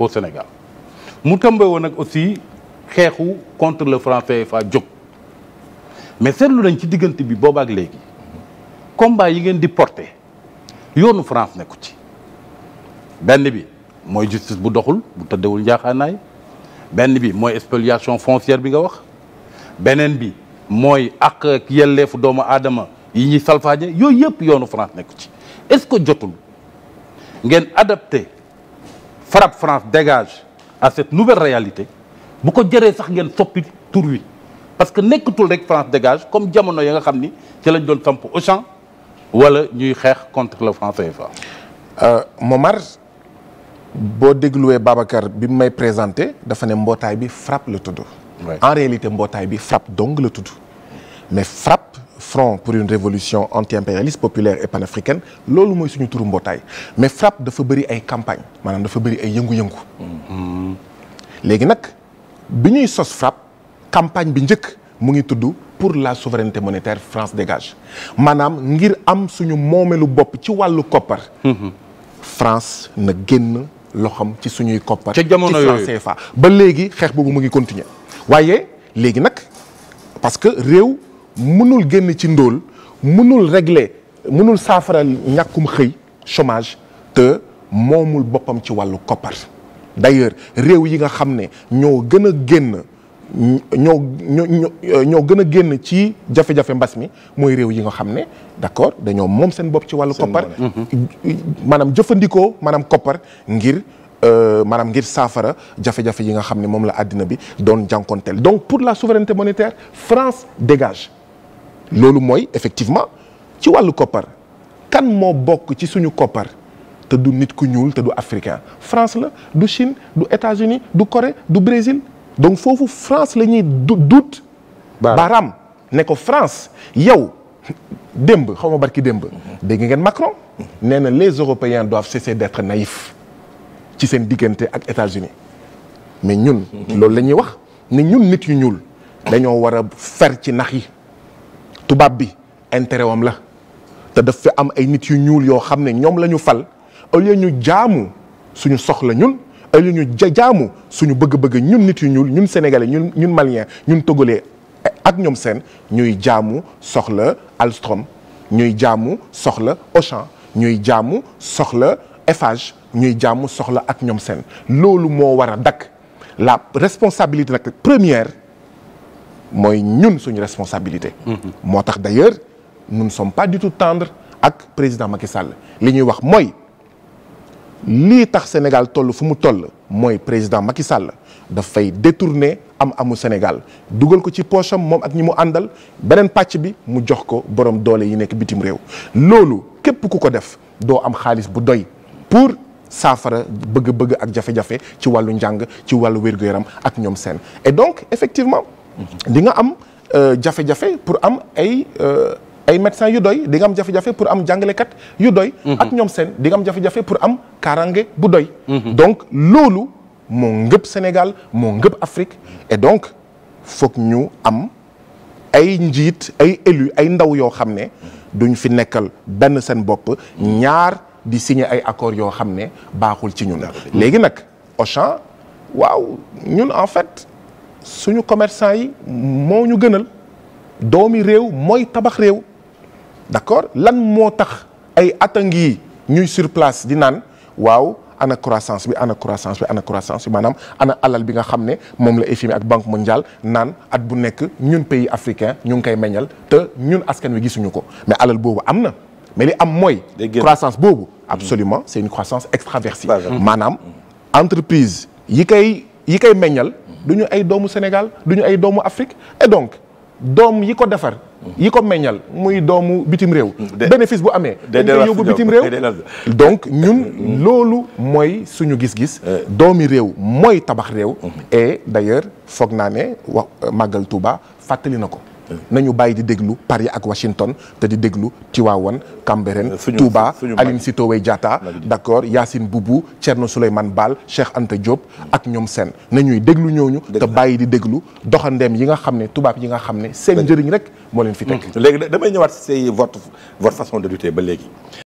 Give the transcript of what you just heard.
au Sénégal mu tëmbe woon nag aussi xeexu contre le franc CFA jóg mais seetlu nañ ci diggante bi boobaak léegi combat yi ngeen di porte yoonu France nekku ci benn bi mooy justice bu doxul bu tëddewul njaaxaanaay benn bi mooy spoliation foncière bi nga wax beneen bi mooy ak ak yelleefu doomu aadama yi ñuy salfaaje yooyu yëpp yoonu France nekku ci est-ce que jotul ngeen adapté FRAPP France dégage à cette nouvelle réalité bu ko jëree sax ngeen soppi tur wi parce que nekkatul rek France dégage comme jamono ya nga xam ni ci lañ doon samp Auchan wala ñuy xeex contre le franc CFA. Euh, Momar boo dégluwee Babacar bi mu may présenté dafa ne mbootaay bi FRAPP la tudd. en réalité mbootaay bi FRAPP dong la tudd mais FRAPP. front pour une révolution anti-impérialiste populaire et panafricaine loolu mooy suñu turu mbootaay mais FRAPP dafa bari ay campagne maanaam dafa bëri ay yëngu-yëngu mm-hmm. léegi nag bi ñuy sos FRAPP campagne bi njëkk mu ngi tudd pour la souveraineté monétaire France dégage maanaam ngir am suñu moomeelu bopp ci wàllu koppar mm-hmm. France na génn loxam ci suñuy koppar ci franc CFA ba léegi xeex boobu mu ngi continuer waaye léegi nag parce que réew mënul génn ci ndóol mënul régler mënul saafara ñàkkum xëy chômage te moomul boppam ci wàllu koppar d'ailleurs réew yi nga xam ne ñoo gën a génn ñoo ñoo ñoo gën a génn ci jafe-jafe mbas mi mooy réew yi nga xam ne d'accord dañoo moom seen bopp ci wàllu koppar mm-hmm. maanaam jëfandikoo maanaam koppar ngir euh, maanaam ngir saafara jafe-jafe yi nga xam ne moom la àddina bi doon jànkonteel donc pour la souveraineté monétaire France dégage loolu mooy effectivement ci wàllu koppar kan moo bokk ci suñu koppar te du nit ku ñuul te du africain France la du Chine du États-Unis du kore du Brésil donc foofu France la ñuy du duut baaraam ne ko France yow démb xaw ma barki démb mhm. dégg ngeen Macron mhm. nee na les Européens doivent cesser d'être naïfs ci seen diggante ak États-Unis mais ñun mhm. loolu la ñuy wax ne ñun nit yu ñuul dañoo war a fer ci nax yi tubaab bi intérêt wam la te daf fi am ay nit yu ñuul yoo xam ne ñoom la ñu fal au lieu ñu jaamu suñu soxla ñun au lieu ñu jaamu suñu bëgg-bëgg ñun nit yu ñuul ñun sénégalais ñun ñun malien ñun togolais ak ñoom seen ñuy jaamu soxla Alstom ñuy jaamu soxla Auchan ñuy jaamu soxla Eiffage ñuy jaamu soxla ak ñoom seen loolu moo war a dakk la responsabilité nag première mooy ñun suñu responsabilité. Mm-hmm. moo tax d'ailleurs nous ne sommes pas du tout tendres ak président Macky Sall li ñuy wax mooy lii tax Sénégal toll fu mu toll mooy président Macky Sall dafay détourner am amu Sénégal dugal ko ci poche am moom ak ñi mu àndal beneen pàcc bi mu jox ko borom doole yi nekk bitim réew loolu képp ku ko def doo am xaalis bu doy pour saafara bëgg-bëgg ak jafe-jafe ci wàllu njàng ci wàllu wér yaram ak ñoom seen et donc effectivement di nga am euh, jafe-jafe pour am ay euh, ay médecin yu doy di nga am jafe-jafe pour am jàngalekat yu doy mhm. ak ñoom seen di nga am jafe-jafe pour am kaaraange bu doy mhm. donc loolu moo ngëb Sénégal moo ngëpp Afrique et donc fook ñu am ay njiit ay élus ay ndaw yoo xam ne duñ fi nekkal benn seen bopp ñaar di signer ay accords yoo xam ne baaxul ci ñun léegi nag Auchan waaw ñun en fait suñu commerçant yi moo ñu gënal doomi réew mooy tabax réew d'accord lan moo tax ay atang yi ñuy sur place di naan waaw ana croissance bi ana croissance bi ana croissance maanaam ana alal bi nga xam ne moom la FMI ak banque mondiale naan at bu nekk ñun pays africain ñu ngi koy meññal te ñun askan wi gisuñu ko mais alal boobu am na mais li am mooy croissance boobu mm-hmm. absolument c'est une croissance extravertie maanaam mm-hmm. entreprise yi koy yi koy meññal du ñu ay doomu Sénégal du ñu ay doomu Afrique et donc doom yi ko defar. yi ko meññal muy doomu bitim réew. Mm-hmm. bénéfice bu amee. dañ koy yóbbu bitim réew donc ñun mm-hmm. loolu mooy suñu gis-gis. Euh. doomi réew mooy tabax réew. Mm-hmm. et d' foog naa ne wax màggal fàttali na ko. nañu bàyyi di déglu Paris ak Washington te di déglu Tivaouane Cambérène euh, Touba Aline Sitoé Diatta d'accord Yacine Boubou Thierno Souleymane Baal Cheikh ante Diop ak ñoom seen nañuy déglu ñooñu te bàyyi di déglu doxandeem yi nga xam ne tubaab yi nga xam ne seen njëriñ rek moo leen fi teg léegi damay ñëwaat say votre votre façon de lutter ba léegi